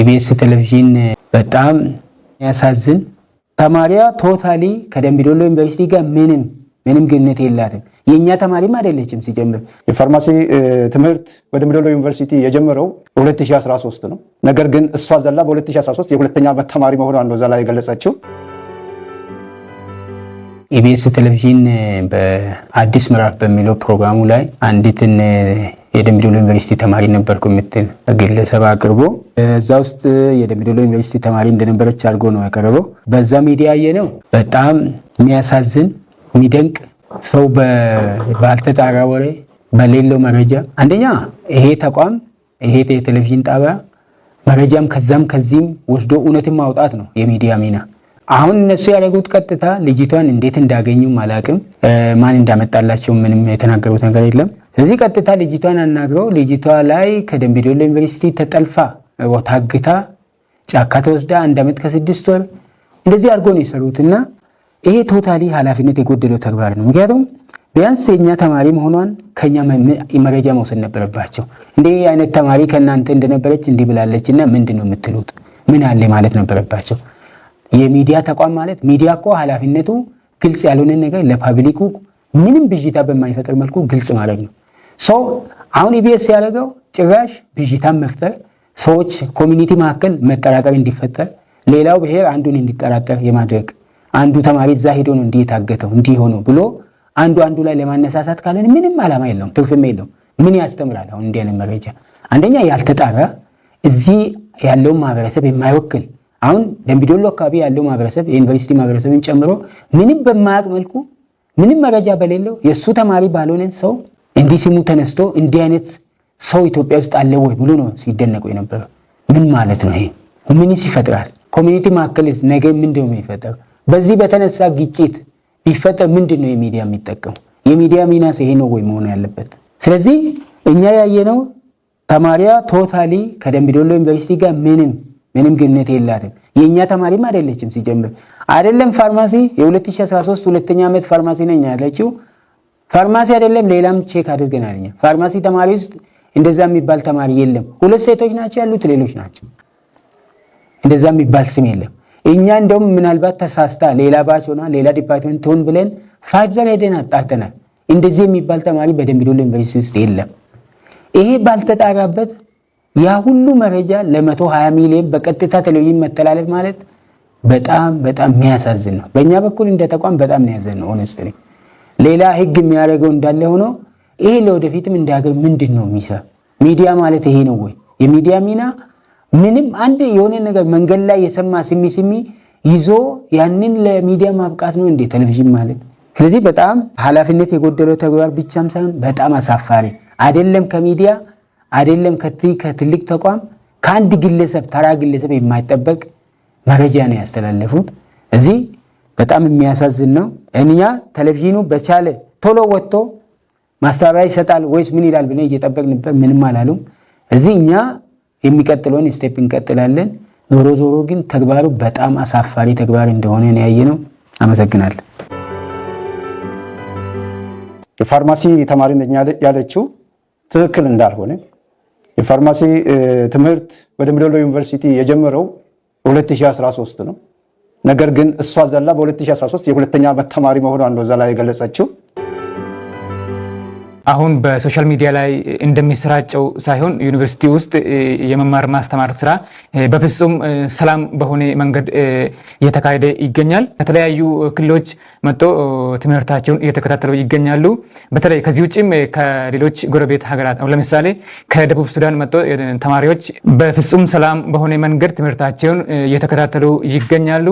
ኢቢኤስ ቴሌቪዥን በጣም ያሳዝን ተማሪያ ቶታሊ ከደምቢዶሎ ዩኒቨርሲቲ ጋር ምንም ምንም ግንኙነት የላትም። የእኛ ተማሪም አይደለችም። ሲጀምር የፋርማሲ ትምህርት በደምቢዶሎ ዩኒቨርሲቲ የጀመረው 2013 ነው። ነገር ግን እሷ ዘላ በ2013 የሁለተኛ ዓመት ተማሪ መሆኗን ነው ዘላ የገለጸችው። ኢቢኤስ ቴሌቪዥን በአዲስ ምዕራፍ በሚለው ፕሮግራሙ ላይ አንዲትን የደምቢዶሎ ዩኒቨርሲቲ ተማሪ ነበርኩ የምትል ግለሰብ አቅርቦ እዛ ውስጥ የደምቢዶሎ ዩኒቨርሲቲ ተማሪ እንደነበረች አድርጎ ነው ያቀረበው። በዛ ሚዲያ የ ነው በጣም የሚያሳዝን የሚደንቅ ሰው ባልተጣራ ወሬ በሌለው መረጃ አንደኛ ይሄ ተቋም ይሄ የቴሌቪዥን ጣቢያ መረጃም ከዛም ከዚህም ወስዶ እውነትን ማውጣት ነው የሚዲያ ሚና። አሁን እነሱ ያደረጉት ቀጥታ ልጅቷን እንዴት እንዳገኙም አላቅም። ማን እንዳመጣላቸው ምንም የተናገሩት ነገር የለም። እዚህ ቀጥታ ልጅቷን አናግረው ልጅቷ ላይ ከደምቢዶሎ ዩኒቨርሲቲ ተጠልፋ ወታግታ ጫካ ተወስዳ አንድ ዓመት ከስድስት ወር እንደዚህ አድርጎ ነው የሰሩትና ይሄ ቶታሊ ኃላፊነት የጎደለው ተግባር ነው። ምክንያቱም ቢያንስ የእኛ ተማሪ መሆኗን ከኛ መረጃ መውሰድ ነበረባቸው። እንዲህ አይነት ተማሪ ከእናንተ እንደነበረች እንዲህ ብላለች እና ምንድን ነው የምትሉት? ምን አለ ማለት ነበረባቸው። የሚዲያ ተቋም ማለት ሚዲያ እኮ ኃላፊነቱ ግልጽ ያልሆነ ነገር ለፓብሊኩ ምንም ብዥታ በማይፈጥር መልኩ ግልጽ ማድረግ ነው። ሰው አሁን ኢቢኤስ ያደረገው ጭራሽ ብዥታን መፍጠር፣ ሰዎች ኮሚኒቲ መካከል መጠራጠር እንዲፈጠር፣ ሌላው ብሔር አንዱን እንዲጠራጠር የማድረግ አንዱ ተማሪ እዛ ሄዶ ነው እንዲህ የታገተው እንዲህ ሆኖ ብሎ አንዱ አንዱ ላይ ለማነሳሳት ካለን ምንም ዓላማ የለውም፣ ትርፍም የለውም። ምን ያስተምራል? አሁን እንዲህ አይነት መረጃ አንደኛ ያልተጣራ እዚህ ያለውን ማህበረሰብ የማይወክል አሁን ደምቢዶሎ አካባቢ ያለው ማህበረሰብ የዩኒቨርሲቲ ማህበረሰብን ጨምሮ ምንም በማያውቅ መልኩ ምንም መረጃ በሌለው የእሱ ተማሪ ባልሆነ ሰው እንዲህ ስሙ ተነስቶ እንዲህ አይነት ሰው ኢትዮጵያ ውስጥ አለ ወይ ብሎ ነው ሲደነቁ የነበረው። ምን ማለት ነው? ይሄ ምንስ ይፈጥራል? ኮሚኒቲ መካከልስ ነገ ምንድነው የሚፈጠሩ? በዚህ በተነሳ ግጭት ቢፈጠር ምንድን ነው የሚዲያ የሚጠቀሙ? የሚዲያ ሚናስ ይሄ ነው ወይ መሆኑ ያለበት? ስለዚህ እኛ ያየነው ተማሪዋ ቶታሊ ከደምቢዶሎ ዩኒቨርሲቲ ጋር ምንም ምንም ግንኙነት የላትም። የእኛ ተማሪም አይደለችም። ሲጀምር አይደለም ፋርማሲ የ2013 ሁለተኛ ዓመት ፋርማሲ ነኝ ያለችው ፋርማሲ አይደለም ሌላም ቼክ አድርገን አለኛ። ፋርማሲ ተማሪ ውስጥ እንደዛ የሚባል ተማሪ የለም። ሁለት ሴቶች ናቸው ያሉት፣ ሌሎች ናቸው። እንደዛ የሚባል ስም የለም። እኛ እንደውም ምናልባት ተሳስታ ሌላ ባች ሆና ሌላ ዲፓርትመንት ሆን ብለን ፋዘር ሄደን አጣተናል። እንደዚህ የሚባል ተማሪ በደምቢ ዶሎ ዩኒቨርሲቲ ውስጥ የለም። ይሄ ባልተጣራበት ያ ሁሉ መረጃ ለ120 ሚሊዮን በቀጥታ ቴሌቪዥን መተላለፍ ማለት በጣም በጣም የሚያሳዝን ነው። በእኛ በኩል እንደ ተቋም በጣም ነው ያዘን ነው ሌላ ህግ የሚያደርገው እንዳለ ሆኖ ይሄ ለወደፊትም እንዳገኝ ምንድን ነው የሚሰ ሚዲያ ማለት ይሄ ነው ወይ? የሚዲያ ሚና ምንም አንድ የሆነ ነገር መንገድ ላይ የሰማ ስሚ ስሚ ይዞ ያንን ለሚዲያ ማብቃት ነው እንዴ ቴሌቪዥን ማለት? ስለዚህ በጣም ኃላፊነት የጎደለው ተግባር ብቻም ሳይሆን በጣም አሳፋሪ አይደለም። ከሚዲያ አይደለም ከትልቅ ተቋም ከአንድ ግለሰብ ተራ ግለሰብ የማይጠበቅ መረጃ ነው ያስተላለፉት እዚህ በጣም የሚያሳዝን ነው። እኛ ቴሌቪዥኑ በቻለ ቶሎ ወጥቶ ማስተባበያ ይሰጣል ወይስ ምን ይላል ብለን እየጠበቅ ነበር። ምንም አላሉም። እዚህ እኛ የሚቀጥለውን ስቴፕ እንቀጥላለን። ዞሮ ዞሮ ግን ተግባሩ በጣም አሳፋሪ ተግባር እንደሆነ ያየ ነው። አመሰግናለሁ። የፋርማሲ ተማሪ ነኝ ያለችው ትክክል እንዳልሆነ የፋርማሲ ትምህርት በደምቢዶሎ ዩኒቨርሲቲ የጀመረው 2013 ነው። ነገር ግን እሷ ዘላ በ2013 የሁለተኛ ዓመት ተማሪ መሆኗን ነው ዘላ የገለጸችው። አሁን በሶሻል ሚዲያ ላይ እንደሚሰራጨው ሳይሆን ዩኒቨርሲቲ ውስጥ የመማር ማስተማር ስራ በፍጹም ሰላም በሆነ መንገድ እየተካሄደ ይገኛል። ከተለያዩ ክልሎች መጥቶ ትምህርታቸውን እየተከታተሉ ይገኛሉ። በተለይ ከዚህ ውጭም ከሌሎች ጎረቤት ሀገራት አሁን ለምሳሌ ከደቡብ ሱዳን መጥቶ ተማሪዎች በፍጹም ሰላም በሆነ መንገድ ትምህርታቸውን እየተከታተሉ ይገኛሉ።